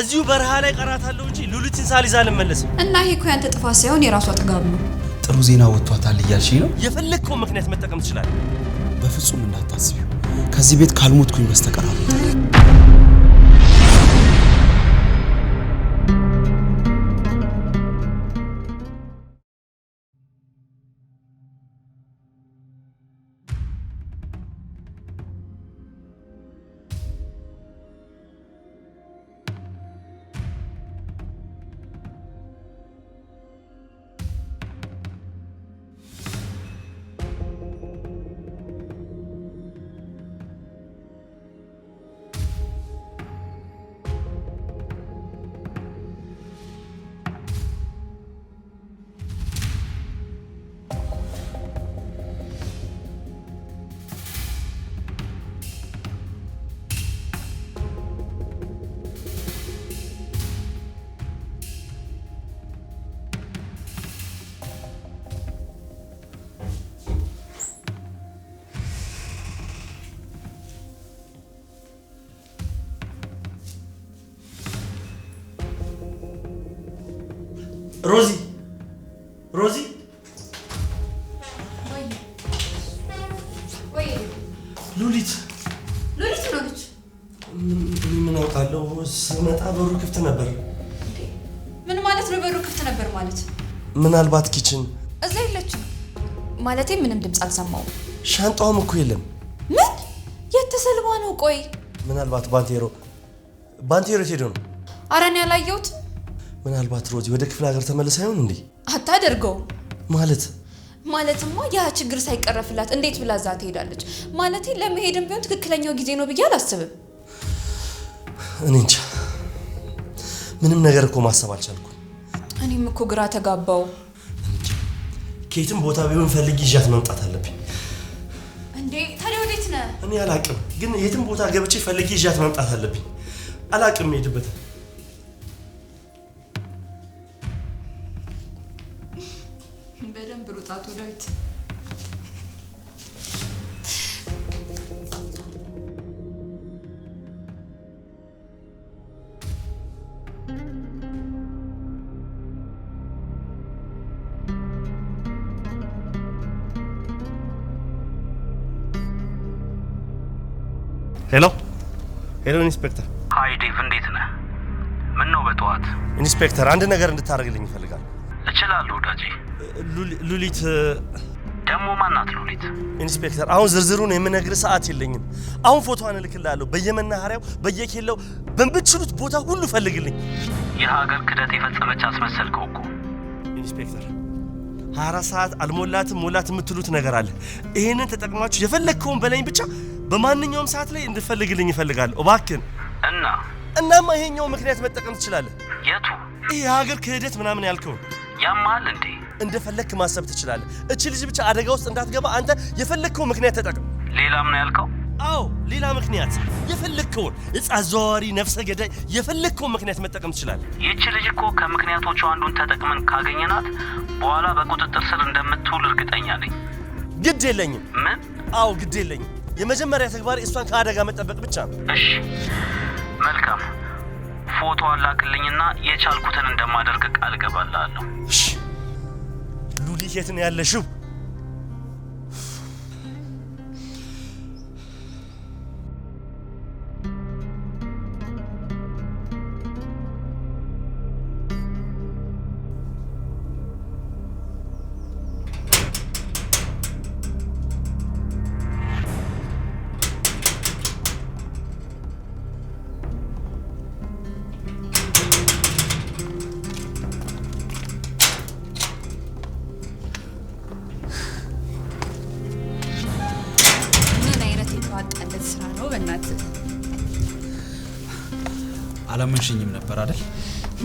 እዚሁ በረሃ ላይ ቀራታለሁ እንጂ ሉሊትን ሳልይዝ አልመለስም። እና ይሄ እኮ ያንተ ጥፋት ሳይሆን የራሷ ጥጋብ ነው። ጥሩ ዜና ወጥቷታል እያልሽኝ ነው? የፈለግከውን ምክንያት መጠቀም ትችላለህ። በፍጹም እንዳታስቢው። ከዚህ ቤት ካልሞትኩኝ በስተቀር አልወጣም። ሮዚ ሮዚ ሉሊት ሉሊት ሉሊት ምን አውቃለሁ? ስመጣ በሩ ክፍት ነበር። ምን ማለት ነው? በሩ ክፍት ነበር ማለት ምናልባት ኪችን እዛ የለችም ማለቴ ምንም ድምፅ አልሰማውም። ሻንጣውም እኮ የለም። ምን የተሰልባ ነው? ቆይ ምናልባት ባንቴሮ ባንቴሮ የት ሄዶ ነው? አረ እኔ አላየሁትም። ምናልባት ሮዚ ወደ ክፍለ ሀገር ተመልሳ ይሆን እንዴ? አታደርገው ማለት ማለትማ ያ ችግር ሳይቀረፍላት እንዴት ብላ እዛ ትሄዳለች? ማለት ለመሄድም ቢሆን ትክክለኛው ጊዜ ነው ብዬ አላስብም። እኔ እንጃ ምንም ነገር እኮ ማሰብ አልቻልኩም። እኔም እኮ ግራ ተጋባው። ከየትም ቦታ ቢሆን ፈልግ ይዣት መምጣት አለብኝ። እንዴ ታዲያ ወዴት ነህ? እኔ አላቅም፣ ግን የትም ቦታ ገብቼ ፈልጊ ይዣት መምጣት አለብኝ። አላቅም የሄድበትን Leute. ሄሎ ሄሎ፣ ኢንስፔክተር ሀይ ዴቭ፣ እንዴት ነህ? ምን ነው በጠዋት? ኢንስፔክተር አንድ ነገር እንድታደርግልኝ ይፈልጋል። እችላለሁ ወዳጄ ሉሊት ደግሞ ማናት? ሉሊት ኢንስፔክተር፣ አሁን ዝርዝሩን የምነግር ሰዓት የለኝም። አሁን ፎቶዋን እልክልሃለሁ። በየመናኸሪያው በየኬላው በምትችሉት ቦታ ሁሉ ፈልግልኝ። የሀገር ክደት የፈጸመች አስመሰልከው እኮ ኢንስፔክተር። 24 ሰዓት አልሞላትም ሞላት የምትሉት ነገር አለ። ይህንን ተጠቅማችሁ የፈለግከውን በላይ ብቻ በማንኛውም ሰዓት ላይ እንድፈልግልኝ እፈልጋለሁ እባክን። እና እናማ ይሄኛው ምክንያት መጠቀም ትችላለህ። የቱ? ይህ የሀገር ክህደት ምናምን ያልከውን ያማል እንዴ? እንደፈለክ ማሰብ ትችላለህ። እቺ ልጅ ብቻ አደጋ ውስጥ እንዳትገባ አንተ የፈለግከው ምክንያት ተጠቅም። ሌላም ነው ያልከው? አዎ ሌላ ምክንያት የፈለግከውን፣ እጽ አዘዋዋሪ፣ ነፍሰ ገዳይ፣ የፈለግከውን ምክንያት መጠቀም ትችላለህ። ይቺ ልጅ እኮ ከምክንያቶቹ አንዱን ተጠቅመን ካገኘናት በኋላ በቁጥጥር ስር እንደምትውል እርግጠኛ ነኝ። ግድ የለኝም። ምን? አዎ ግድ የለኝም። የመጀመሪያ ተግባር እሷን ከአደጋ መጠበቅ ብቻ ነው። እሺ መልካም። ፎቶ አላክልኝና የቻልኩትን እንደማደርግ ቃል እገባልሃለሁ። እሺ ሁሉ ልጅ የት ነው ያለሽው? አላመንሽኝም ነበር አይደል?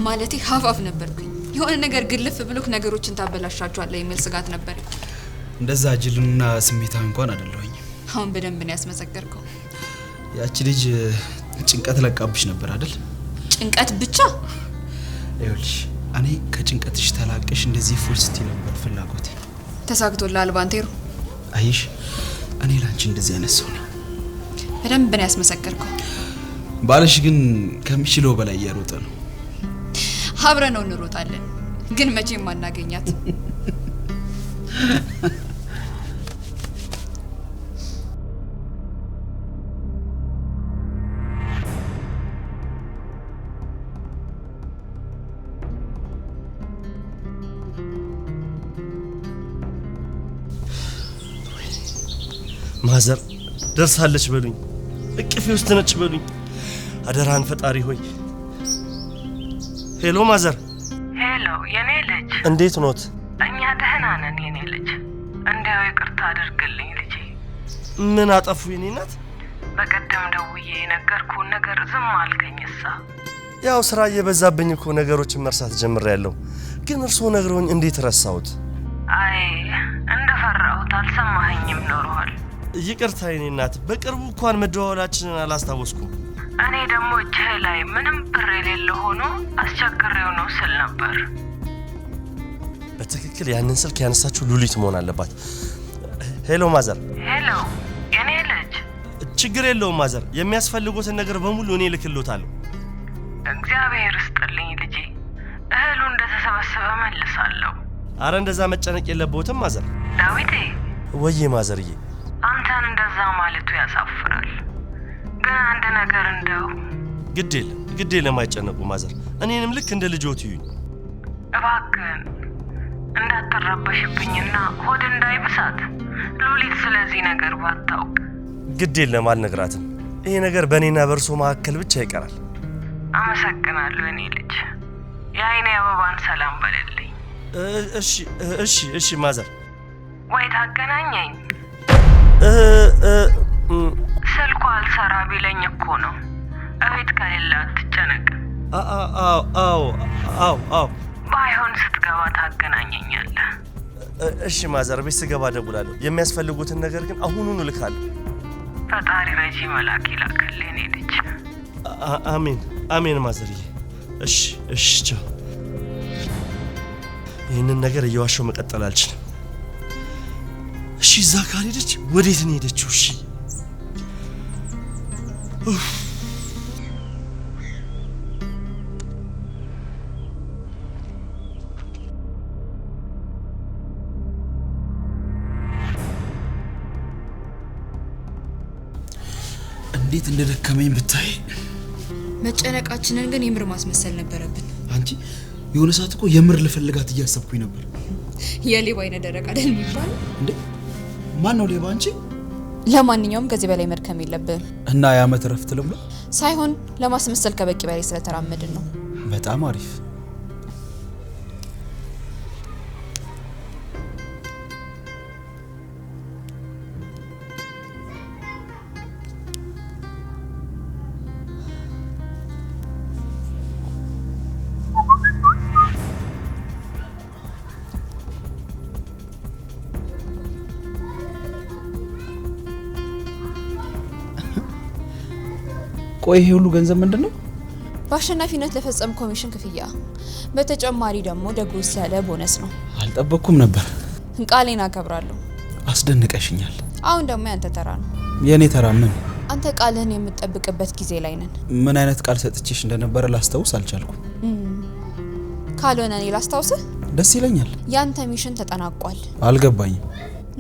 ማለት ሀፋፍ ነበርኩኝ። የሆነ ነገር ግልፍ ብሎክ ነገሮችን ታበላሻቸዋለህ የሚል ስጋት ነበር። እንደዛ ጅልና ስሜታዊ እንኳን አደለሁኝ። አሁን በደንብ ነው ያስመሰከርከው። ያቺ ልጅ ጭንቀት ለቃብሽ ነበር አይደል? ጭንቀት ብቻ ይኸውልሽ፣ እኔ ከጭንቀትሽ ተላቀሽ እንደዚህ ፉል ስቲ ነበር ፍላጎት። ተሳክቶልሃል ባንቴሮ። አይሽ እኔ ላንቺ እንደዚህ አይነት ሰው ነው። በደንብ ነው ያስመሰከርከው። ባልሽ ግን ከሚችለው በላይ እየሮጠ ነው። አብረ ነው እንሮጣለን፣ ግን መቼም አናገኛት። ማዘር ደርሳለች በሉኝ፣ እቅፌ ውስጥ ነች በሉኝ። አደራህን ፈጣሪ ሆይ። ሄሎ ማዘር። ሄሎ የኔ ልጅ እንዴት ኖት? እኛ ደህና ነን የኔ ልጅ። እንዲያው ይቅርታ አድርግልኝ ልጄ። ምን አጠፉ የኔ ናት? በቀደም ደውዬ የነገርኩን ነገር ዝም አልከኝሳ። ያው ስራ እየበዛብኝ እኮ ነገሮችን መርሳት ጀምሬያለሁ። ግን እርስዎ ነግረውኝ እንዴት ረሳሁት? አይ እንደፈራሁት አልሰማኸኝም ኖረዋል። ይቅርታ የኔ ናት። በቅርቡ እንኳን መደዋወላችንን አላስታወስኩም። እኔ ደግሞ እጅህ ላይ ምንም ብር የሌለ ሆኖ አስቸግሬው ነው ስል ነበር። በትክክል ያንን ስልክ ያነሳችው ሉሊት መሆን አለባት። ሄሎ ማዘር። ሄሎ የኔ ልጅ። ችግር የለውም ማዘር፣ የሚያስፈልጉትን ነገር በሙሉ እኔ እልክልዎታለሁ። እግዚአብሔር ስጥልኝ ልጄ፣ እህሉ እንደተሰበሰበ መልሳለሁ። አረ እንደዛ መጨነቅ የለብዎትም ማዘር። ዳዊቴ። ወዬ ማዘርዬ። አንተን እንደዛ ማለቱ ያሳፍራል። አንድ ነገር እንደው ግድ የለም ግድ የለም አይጨነቁ ማዘር፣ እኔንም ልክ እንደ ልጆት ይዩኝ። እባክህን እንዳትረበሽብኝና ሆድ እንዳይብሳት ሉሊት ስለዚህ ነገር ባታውቅ። ግድ የለም አልነግራትም። ይሄ ነገር በእኔና በእርሶ መካከል ብቻ ይቀራል። አመሰግናለሁ እኔ ልጅ። የአይኔ አበባን ሰላም በልልኝ። እሺ እሺ እሺ ማዘር። ወይ ታገናኘኝ አልሰራ ቢለኝ እኮ ነው። እቤት ከሌለ አትጨነቅ። አዎ አዎ፣ አዎ። ባይሆን ስትገባ ታገናኘኛለ። እሺ ማዘር፣ ቤት ስገባ እደውላለሁ። የሚያስፈልጉትን ነገር ግን አሁኑኑ እልካለሁ። ፈጣሪ ረጂ መላክ ይላክልህ የኔ ልጅ። አሜን አሜን ማዘርዬ። እሺ እሺ፣ ቻው። ይህንን ነገር እየዋሸው መቀጠል አልችልም። እሺ፣ እዛ ካልሄደች ወዴት ነው የሄደችው? እሺ እንዴት እንደደከመኝ ብታይ። መጨነቃችንን ግን የምር ማስመሰል ነበረብን። አንቺ የሆነ ሰዓት እኮ የምር ልፈልጋት እያሰብኩኝ ነበር። የሌባ አይነ ደረቅ አይደል የሚባለው እንዴ? ማን ነው ሌባ? አንቺ ለማንኛውም ከዚህ በላይ መድከም የለብህም። እና የአመት እረፍት ልሙላ ሳይሆን ለማስመሰል ከበቂ በላይ ስለተራመድን ነው። በጣም አሪፍ ቆይ ይሄ ሁሉ ገንዘብ ምንድን ነው? በአሸናፊነት ለፈጸም ኮሚሽን ክፍያ፣ በተጨማሪ ደግሞ ደጎስ ያለ ቦነስ ነው። አልጠበቅኩም ነበር። ቃሌን አከብራለሁ። አስደንቀሽኛል። አሁን ደግሞ ያንተ ተራ ነው። የእኔ ተራ ምን? አንተ ቃልህን የምትጠብቅበት ጊዜ ላይ ነን። ምን አይነት ቃል ሰጥቼሽ እንደነበረ ላስታውስ አልቻልኩም። ካልሆነ እኔ ላስታውስህ ደስ ይለኛል። ያንተ ሚሽን ተጠናቋል። አልገባኝም።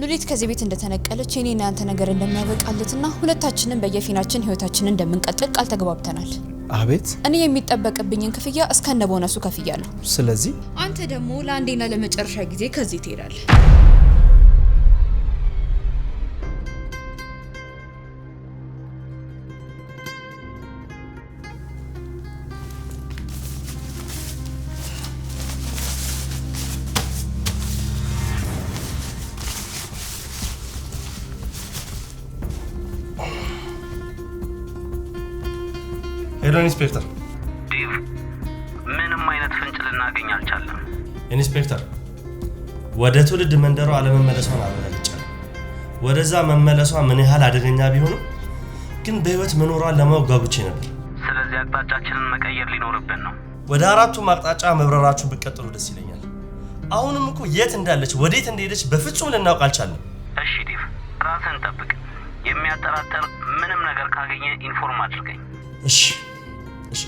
ሉሊት ከዚህ ቤት እንደተነቀለች እና ያንተ ነገር እንደሚያበቃለትና ሁለታችንም በየፊናችን ህይወታችንን እንደምንቀጥል ቃል ተግባብተናል። አቤት። እኔ የሚጠበቅብኝን ክፍያ እስከነ ቦነሱ ከፍያለሁ። ስለዚህ አንተ ደግሞ ለአንዴና ለመጨረሻ ጊዜ ከዚህ ትሄዳለህ። ሄሎ ኢንስፔክተር ምንም አይነት ፍንጭ ልናገኝ አልቻለም። ኢንስፔክተር ወደ ትውልድ መንደሯ አለመመለሷን አረጋግጫለሁ። ወደዛ መመለሷ ምን ያህል አደገኛ ቢሆንም ግን በህይወት መኖሯን ለማወቅ ጓጉቼ ነበር። ስለዚህ አቅጣጫችንን መቀየር ሊኖርብን ነው። ወደ አራቱም አቅጣጫ መብረራችሁ ብቀጥሉ ደስ ይለኛል። አሁንም እኮ የት እንዳለች ወዴት እንደሄደች በፍጹም ልናውቅ አልቻለም። እሺ ዴቭ፣ ራስን ጠብቅ። የሚያጠራጠር ምንም ነገር ካገኘ ኢንፎርም አድርገኝ። እሺ እሺ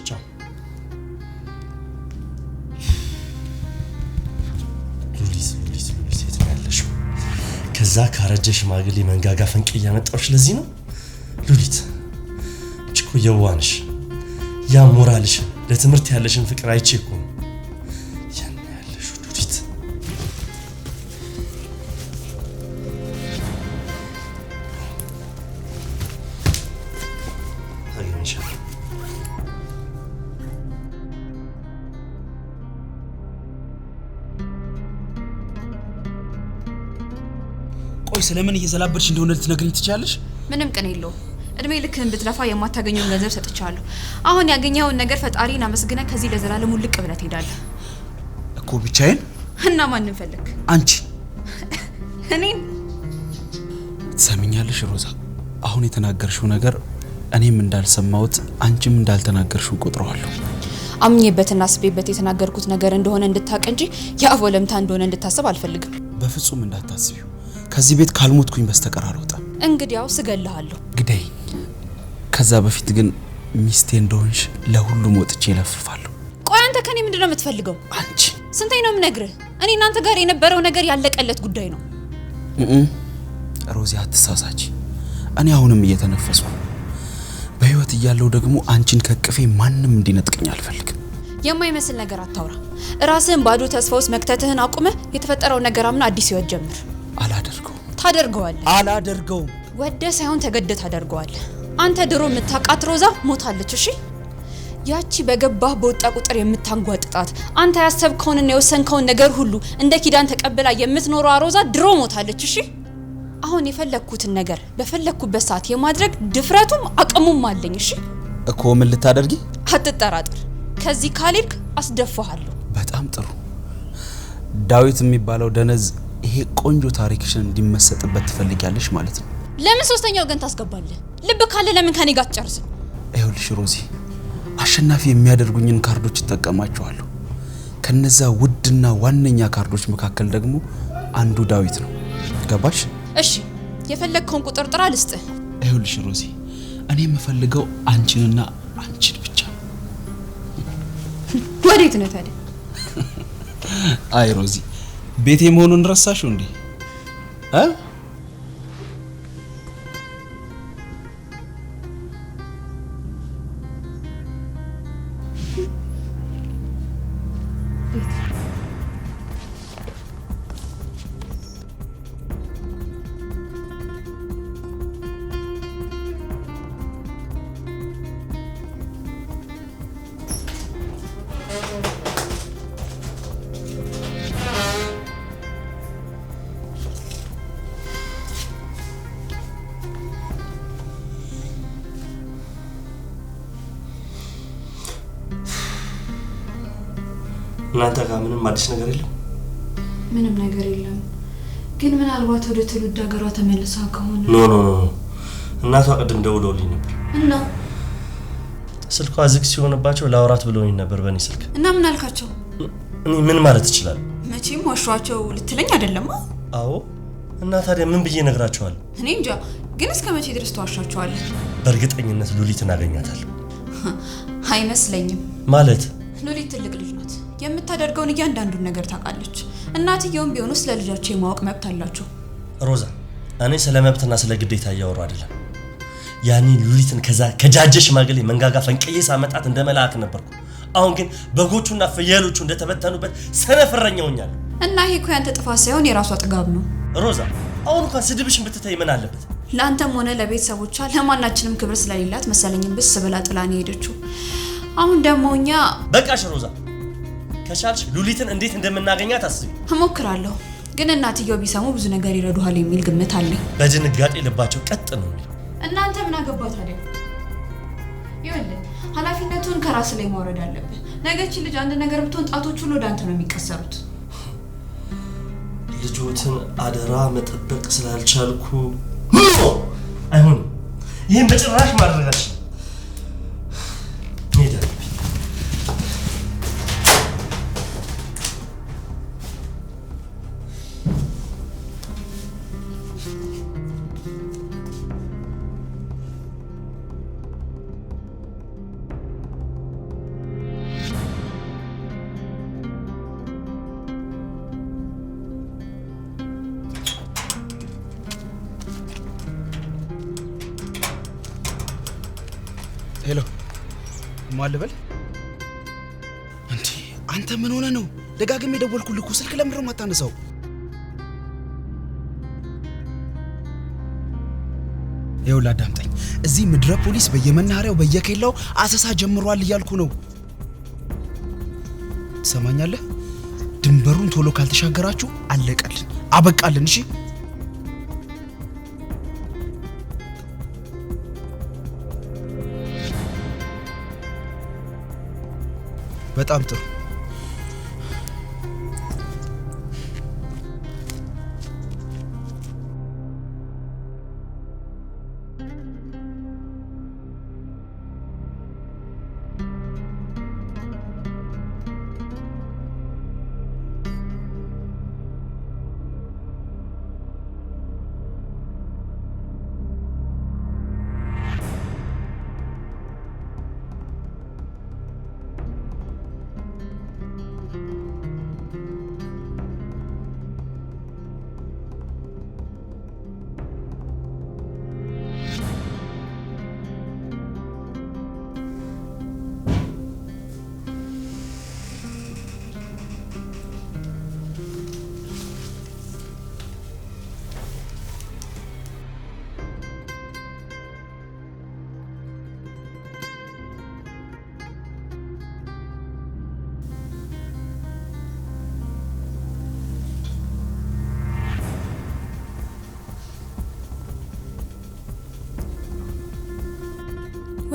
ከዛ ካረጀ ሽማግሌ መንጋጋ ፈንቅ እያመጣሁሽ ለዚህ ነው ሉሊት። እችኮ የዋንሽ ያ ለትምህርት ያለሽን ፍቅር አይቼ እኮ ቆይ ስለምን እየዘላበድሽ እንደሆነ ልትነግሪኝ ትችያለሽ? ምንም ቅን የለው። እድሜ ልክ ብትለፋ የማታገኘውን ገንዘብ ሰጥቻለሁ። አሁን ያገኘኸውን ነገር ፈጣሪን አመስግነ ከዚህ ለዘላለሙ ልቅ ብለህ ትሄዳለህ እኮ። ብቻዬን እና ማንን ፈለግ? አንቺ እኔን ትሰሚኛለሽ? ሮዛ፣ አሁን የተናገርሽው ነገር እኔም እንዳልሰማሁት አንቺም እንዳልተናገርሽው ቆጥረዋለሁ። አምኜበትና አስቤበት የተናገርኩት ነገር እንደሆነ እንድታውቅ እንጂ የአቦ ለምታ እንደሆነ እንድታስብ አልፈልግም። በፍጹም እንዳታስቢው ከዚህ ቤት ካልሞትኩኝ በስተቀር አልወጣም። እንግዲያው ስገልሃለሁ። ግደይ። ከዛ በፊት ግን ሚስቴ እንደሆንሽ ለሁሉም ወጥቼ ይለፍፋለሁ። ቆይ አንተ ከኔ ምንድን ነው የምትፈልገው? አንቺ ስንተኝ ነው የምነግርህ? እኔ እናንተ ጋር የነበረው ነገር ያለቀለት ጉዳይ ነው። ሮዚ አትሳሳች። እኔ አሁንም እየተነፈስኩ በህይወት እያለው ደግሞ አንቺን ከቅፌ ማንም እንዲነጥቅኝ አልፈልግም። የማይመስል ነገር አታውራ። ራስህን ባዶ ተስፋ ውስጥ መክተትህን አቁመህ የተፈጠረውን ነገር አምና አዲስ ህይወት ጀምር። አላደርገውም። ታደርገዋለህ። አላደርገውም። ወደ ሳይሆን ተገደ ታደርገዋል። አንተ ድሮ የምታውቃት ሮዛ ሞታለች። እሺ ያቺ በገባህ በወጣ ቁጥር የምታንጓጥጣት አንተ ያሰብከውንና የወሰንከውን ነገር ሁሉ እንደ ኪዳን ተቀብላ የምትኖረው አሮዛ ድሮ ሞታለች። እሺ አሁን የፈለግኩትን ነገር በፈለግኩበት ሰዓት የማድረግ ድፍረቱም አቅሙም አለኝ። እሺ እኮ ምን ልታደርጊ? አትጠራጥር። ከዚህ ካልሄድክ አስደፋሃለሁ። በጣም ጥሩ ዳዊት የሚባለው ደነዝ ይሄ ቆንጆ ታሪክሽን እንዲመሰጥበት ትፈልጊያለሽ ማለት ነው። ለምን ሶስተኛ ወገን ታስገባለህ? ልብ ካለ ለምን ከኔ ጋር ትጨርስ? ይኸውልሽ ሮዚ፣ አሸናፊ የሚያደርጉኝን ካርዶች እጠቀማቸዋለሁ። ከነዛ ውድና ዋነኛ ካርዶች መካከል ደግሞ አንዱ ዳዊት ነው። ገባሽ? እሺ፣ የፈለግከውን ቁጥር ጥራ ልስጥህ። ይኸውልሽ ሮዚ፣ እኔ የምፈልገው አንቺንና አንቺን ብቻ ነው። ወዴት ነው ታዲያ? አይ ሮዚ ቤቴ መሆኑን ረሳሽው እንዴ? እናንተ ጋር ምንም አዲስ ነገር የለም? ምንም ነገር የለም። ግን ምናልባት ወደ ትውልድ ሀገሯ ተመልሳ ከሆነ ኖ ኖ ኖ እናቷ ቅድም ደውለውልኝ ነበር እና ስልኳ ዝግ ሲሆንባቸው ላውራት ብለውኝ ነበር በእኔ ስልክ እና ምን አልካቸው? እኔ ምን ማለት ይችላል? መቼም ዋሸኋቸው ልትለኝ አይደለም? አዎ እና ታዲያ ምን ብዬ ነግራቸዋል? እኔ እንጃ። ግን እስከ መቼ ድረስ ተዋሻቸዋል? በእርግጠኝነት ሉሊት እናገኛታል? አይመስለኝም። ማለት ሉሊት ትልቅ የምታደርገውን እያንዳንዱን ነገር ታውቃለች። እናትየውም ቢሆኑ ስለ ልጃቸው የማወቅ መብት አላቸው። ሮዛ፣ እኔ ስለ መብትና ስለ ግዴታ እያወሩ አይደለም። ያኔ ሉሊትን ከዛ ከጃጀ ሽማግሌ መንጋጋ ፈንቅዬ ሳመጣት እንደ መልአክ ነበርኩ። አሁን ግን በጎቹና ፍየሎቹ እንደተበተኑበት ሰነፍረኛ እና ይሄ እኮ ያንተ ጥፋት ሳይሆን የራሷ ጥጋብ ነው። ሮዛ፣ አሁን እንኳን ስድብሽን ብትተይ ምን አለበት? ለአንተም ሆነ ለቤተሰቦቿ ለማናችንም ክብር ስለሌላት መሰለኝም ብስ ብላ ጥላን የሄደችው። አሁን ደግሞ እኛ በቃሽ ሮዛ ከቻልሽ ሉሊትን እንዴት እንደምናገኛት አስቢ። እሞክራለሁ፣ ግን እናትየው ቢሰሙ ብዙ ነገር ይረዱሃል የሚል ግምት አለ። በድንጋጤ ልባቸው ቀጥ ነው የሚል። እናንተ ምን አገባት ታዲያ? ይኸውልህ ኃላፊነቱን ከራስ ላይ ማውረድ አለብህ። ነገች ልጅ አንድ ነገር ብትሆን ጣቶች ሁሉ ወደ አንተ ነው የሚቀሰሩት። ልጆትን አደራ መጠበቅ ስላልቻልኩ አይሆንም። ይህን በጭራሽ ማድረጋችን አታንሰው። ይኸውልህ አዳምጠኝ፣ እዚህ ምድረ ፖሊስ በየመናኸሪያው በየኬላው አሰሳ ጀምሯል እያልኩ ነው። ትሰማኛለህ? ድንበሩን ቶሎ ካልተሻገራችሁ አለቀልን፣ አበቃልን። እሺ በጣም ጥሩ።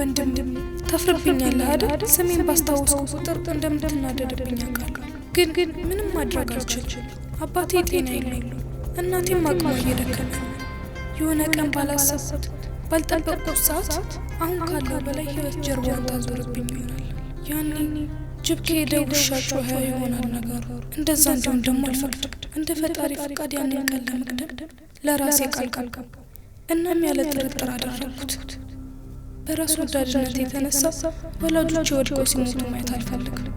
ወንድም ታፍርብኛለህ አይደል? ስሜን ባስታወስኩ ቁጥር እንደምትናደድብኝ አውቃለሁ፣ ግን ግን ምንም ማድረግ አልችልም። አባቴ ጤና የለውም፣ እናቴም አቅሟ እየደከመ የሆነ ቀን ባላሰብኩት ባልጠበቅኩት ሰዓት አሁን ካለው በላይ ህይወት ጀርባውን ታዞርብኝ ይሆናል። ያኔ ጅብ ከሄደ ውሻ ጮኸ ይሆናል ነገሩ። እንደዛ እንዲሁም ደግሞ አልፈቅድም። እንደ ፈጣሪ ፈቃድ ያንን ቀን ለመቅደም ለራሴ ቃል ገባሁ። እናም ያለ ጥርጥር አደረግኩት። በራስ ወዳድነት የተነሳ ወላጆች ወድቆ ሲሞቱ ማየት አልፈልግም።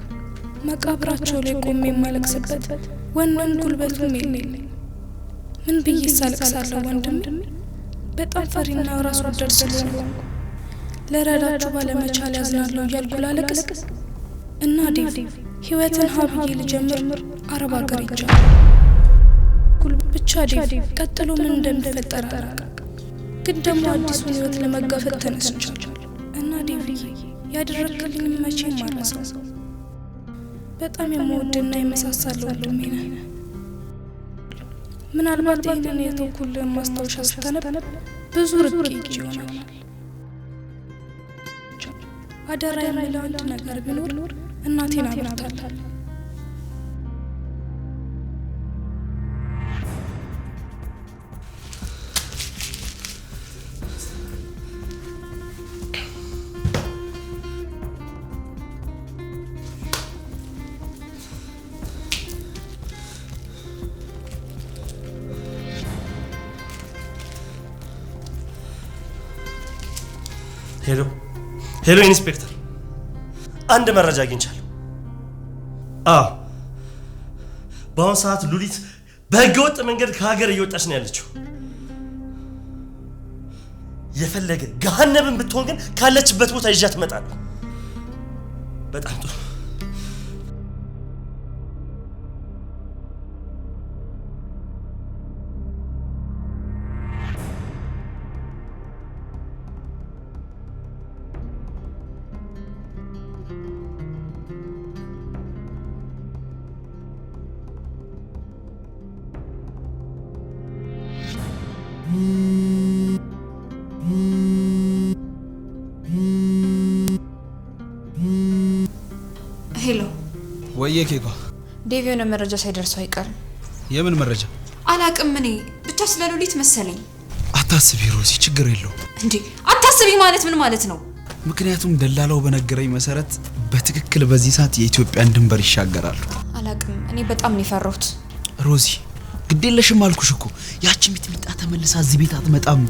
መቃብራቸው ላይ ቆሜ የማለቅስበት ወንን ጉልበቱም የለኝ። ምን ብዬ ሳለቅሳለሁ? ወንድም በጣም ፈሪና ራስ ወዳድ ስለሆንኩ ለረዳችሁ ባለመቻል ያዝናለሁ እያልኩ ላለቅስ እና ዴቭ ህይወትን ሀብዬ ልጀምር አረብ ሀገር ይቻል ብቻ ዴቭ ቀጥሎ ምን እንደሚፈጠር አላውቅም። ግን ደግሞ አዲሱን ህይወት ለመጋፈጥ ተነስቻለሁ እና ዴቪዬ ያደረግልኝ መቼ አልረሳም። በጣም የምወድና የመሳሳለው ሜነ ምናልባት ይህንን የተኩልህን ማስታወሻ ስታነብ ብዙ ርቄ ሄጄ ይሆናል። አደራ የምለው አንድ ነገር ቢኖር እናቴን አብራታለሁ። ሄሎ ኢንስፔክተር፣ አንድ መረጃ አግኝቻለሁ። አዎ በአሁኑ ሰዓት ሉሊት በህገወጥ መንገድ ከሀገር እየወጣች ነው ያለችው። የፈለገ ገሀነብን ብትሆን ግን ካለችበት ቦታ ይዣት እመጣለሁ። በጣም ጥሩ ወይዬ ኬኳ፣ ዴቭ የሆነ መረጃ ሳይደርሰው አይቀርም። የምን መረጃ አላቅም። እኔ ብቻ ስለ ሉሊት መሰለኝ። አታስቢ ሮዚ፣ ችግር የለው። እንዴ አታስቢ ማለት ምን ማለት ነው? ምክንያቱም ደላላው በነገረኝ መሰረት በትክክል በዚህ ሰዓት የኢትዮጵያን ድንበር ይሻገራሉ። አላቅም። እኔ በጣም ነው የፈራሁት ሮዚ። ግዴለሽም አልኩሽ እኮ ያቺ ሚጥሚጣ ተመልሳ እዚህ ቤት አትመጣም።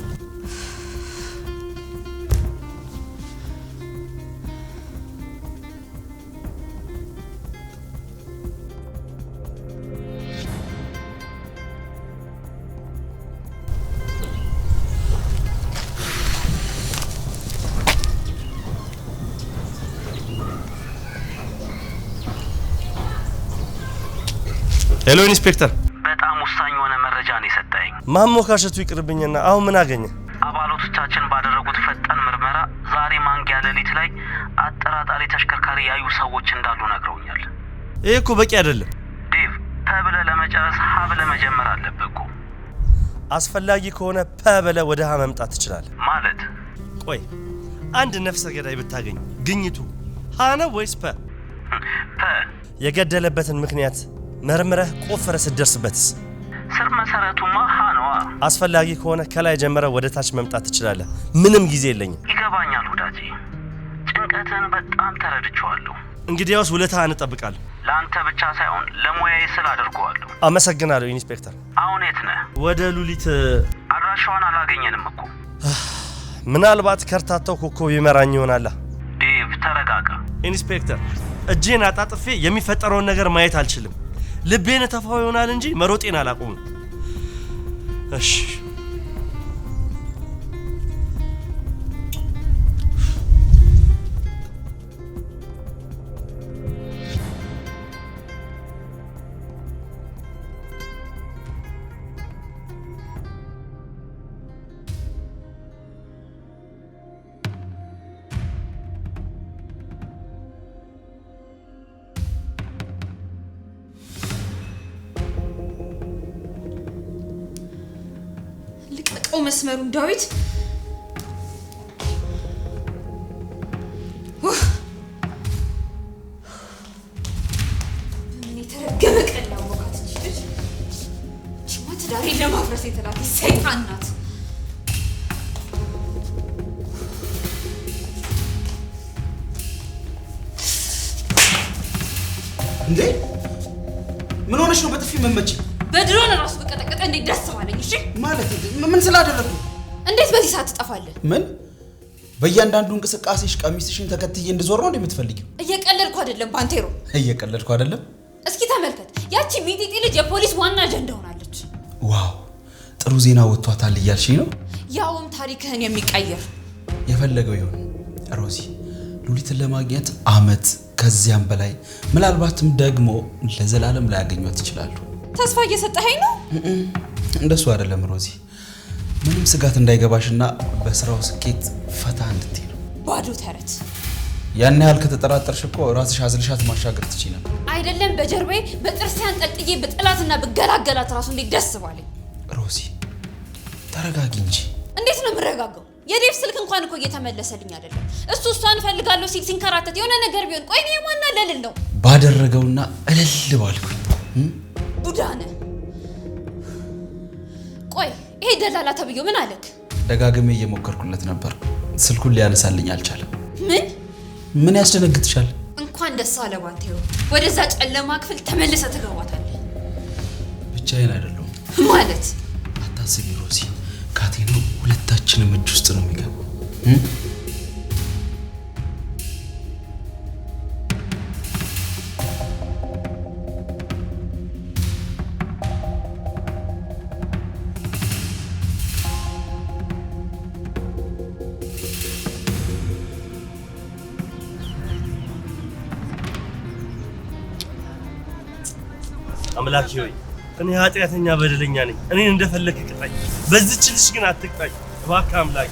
ሄሎ ኢንስፔክተር፣ በጣም ወሳኝ የሆነ መረጃ ነው የሰጠኝ። ማሞካሸቱ ይቅርብኝና አሁን ምን አገኘ? አባላቶቻችን ባደረጉት ፈጣን ምርመራ ዛሬ ማንጊያ ሌሊት ላይ አጠራጣሪ ተሽከርካሪ ያዩ ሰዎች እንዳሉ ነግረውኛል። ይህ እኮ በቂ አይደለም ዴቭ። ተብለ ለመጨረስ ሀብለ ብለ መጀመር አለብህ እኮ። አስፈላጊ ከሆነ ፐበለ ወደ ሀ መምጣት ትችላለህ ማለት። ቆይ አንድ ነፍሰ ገዳይ ብታገኝ ግኝቱ ሀ ነው ወይስ ፐ? ፐ የገደለበትን ምክንያት መርምረህ ቆፍረ ስትደርስበትስ? ስር መሰረቱማ ሀ ነዋ። አስፈላጊ ከሆነ ከላይ ጀምረ ወደ ታች መምጣት ትችላለህ። ምንም ጊዜ የለኝም። ይገባኛል ወዳጄ፣ ጭንቀትን በጣም ተረድቸዋለሁ እንግዲያውስ ውለታ እንጠብቃለሁ። ለአንተ ብቻ ሳይሆን ለሙያዬ ስል አድርገዋለሁ። አመሰግናለሁ ኢንስፔክተር። አሁን የት ነህ? ወደ ሉሊት አድራሻዋን አላገኘንም እኮ። ምናልባት ከርታታው ኮከብ ይመራኝ ይሆናላ። ዴቭ ተረጋጋ። ኢንስፔክተር፣ እጄን አጣጥፌ የሚፈጠረውን ነገር ማየት አልችልም። ልቤን ተፋው ይሆናል እንጂ መሮጤን አላቆምም። እሺ መስመሩን ዳዊት ምን በእያንዳንዱ እንቅስቃሴሽ ቀሚስሽን ተከትዬ እንድዞር ነው እንደምትፈልጊው? እየቀለድኩ አይደለም ባንቴሮ፣ እየቀለድኩ አይደለም። እስኪ ተመልከት፣ ያቺ ሚጢጢ ልጅ የፖሊስ ዋና አጀንዳ ሆናለች። ዋው ጥሩ ዜና ወጥቷታል እያልሽኝ ነው? ያውም ታሪክህን የሚቀይር የፈለገው ይሁን ሮዚ፣ ሉሊትን ለማግኘት አመት ከዚያም በላይ ምናልባትም ደግሞ ለዘላለም ላያገኟት ይችላሉ። ተስፋ እየሰጠኸኝ ነው? እንደሱ አይደለም ሮዚ ምንም ስጋት እንዳይገባሽና በስራው ስኬት ፈታ እንድትይ ነው። ባዶ ተረት። ያን ያህል ከተጠራጠርሽ እኮ ራስሽ አዝልሻት ማሻገር ትችይ ነበር። አይደለም በጀርባዬ በጥርሴ አንጠልጥዬ በጥላትና በገላገላት ራሱ እንዴት ደስ ባለኝ። ሮዚ ተረጋጊ እንጂ። እንዴት ነው የምረጋገው የዴቭ ስልክ እንኳን እኮ እየተመለሰልኝ አይደለም። እሱ እሷን እፈልጋለሁ ሲል ሲንከራተት የሆነ ነገር ቢሆን ቆይ የማና ለልል ነው ባደረገውና እልል ባልኩኝ ቡዳነ ቆይ ይሄ ደላላ ተብዮ ምን አለክ? ደጋግሜ እየሞከርኩለት ነበር፣ ስልኩን ሊያነሳልኝ አልቻለም። ምን ምን ያስደነግጥሻል? እንኳን ደስ አለ ወደዛ ጨለማ ክፍል ተመልሰ ትገባታለህ። ብቻዬን አይደለሁም ማለት አታስቢ ሮሲ፣ ካቴኑ ሁለታችንም እጅ ውስጥ ነው የሚገባው። አምላኪ ሆይ እኔ ኃጢአተኛ በደለኛ ነኝ። እኔን እንደፈለክ ቅጣኝ፣ በዚች ልጅ ግን አትቅጣኝ እባክህ አምላኪ።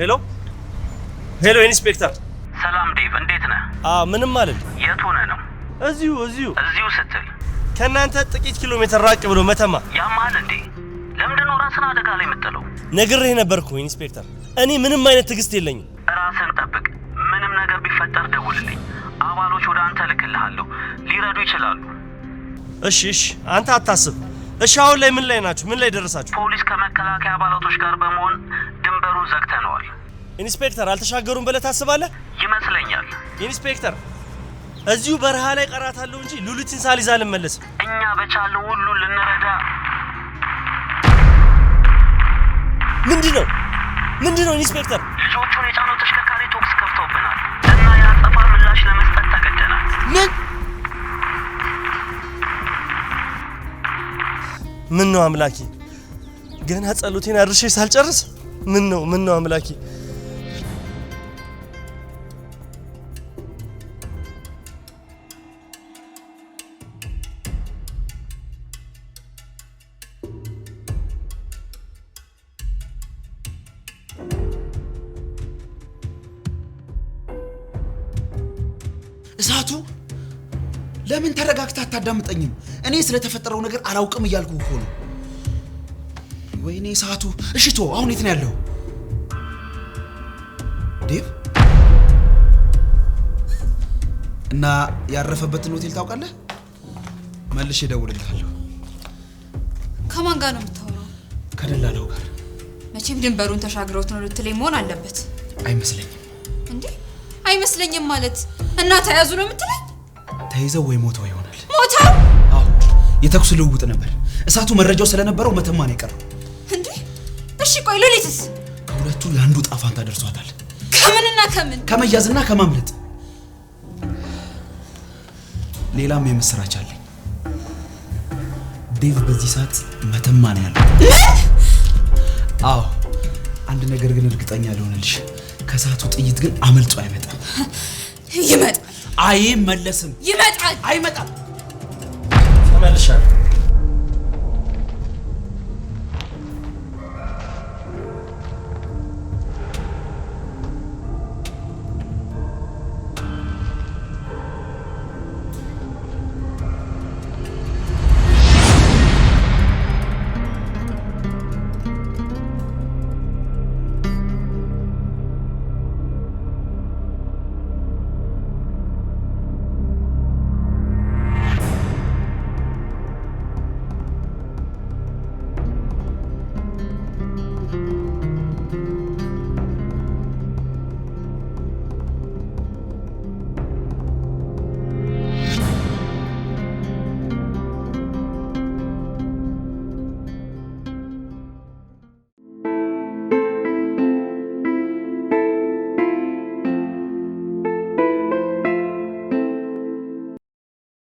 ሄሎ ሄሎ፣ ኢንስፔክተር ሰላም ዴቭ፣ እንዴት ነህ? ምንም አልል። የት ሆነህ ነው? እዚሁ እዚሁ እዚሁ ስትል ከእናንተ ጥቂት ኪሎ ሜትር ራቅ ብሎ መተማ። ያማል እንዴ? ለምንድን ራስን አደጋ ላይ የምጥለው? ነግሬህ ነበርኩ ኢንስፔክተር፣ እኔ ምንም አይነት ትዕግስት የለኝም። ራስን ጠብቅ። ምንም ነገር ቢፈጠር ደውልልኝ። አባሎች ወደ አንተ ልክልሃለሁ፣ ሊረዱ ይችላሉ። እሺ፣ እሺ፣ አንተ አታስብ። እሺ፣ አሁን ላይ ምን ላይ ናችሁ? ምን ላይ ደረሳችሁ? ፖሊስ ከመከላከያ አባላቶች ጋር በመሆን ድንበሩን ዘግተነዋል። ኢንስፔክተር፣ አልተሻገሩም ብለህ ታስባለህ? ይመስለኛል ኢንስፔክተር እዚሁ በረሃ ላይ ቀራታለሁ እንጂ ሉሊትን ሳልይዛ አልመለስም። እኛ በቻለ ሁሉ ልንረዳ። ምንድ ነው ምንድ ነው ኢንስፔክተር? ልጆቹን የጫነው ተሽከርካሪ ቶክስ ከፍተውብናል እና የአጸፋ ምላሽ ለመስጠት ተገደናል። ምን ምን ነው አምላኬ፣ ገና ጸሎቴን አድርሼ ሳልጨርስ ምን ነው ምን ነው አምላኬ ስለተፈጠረው ነገር አላውቅም እያልኩ እኮ ነው። ወይኔ ሰዓቱ። እሽቶ አሁን የት ነው ያለው ዴቭ? እና ያረፈበትን ሆቴል ታውቃለህ? መልሼ እደውልልሃለሁ። ከማን ጋር ነው የምታወራው? ከደላላው ጋር። መቼም ድንበሩን ተሻግረውት ነው ልትለኝ መሆን አለበት። አይመስለኝም። እንዴ አይመስለኝም ማለት እና ተያዙ ነው የምትለኝ? ተይዘው ወይ ሞተው የተኩስ ልውውጥ ነበር። እሳቱ መረጃው ስለነበረው መተማን ነው እንዴ! እሺ ቆይ ሉሊትስ? ከሁለቱ የአንዱ ጣፋንታ ደርሷታል። ከምንና ከምን? ከመያዝና ከማምለጥ። ሌላም የምስራች አለኝ። ዴቭ በዚህ ሰዓት መተማን ያለ። አዎ፣ አንድ ነገር ግን እርግጠኛ ልሆንልሽ፣ ከእሳቱ ጥይት ግን አመልጦ አይመጣም። ይመጣል። አይመለስም። ይመጣል። አይመጣም Mercer.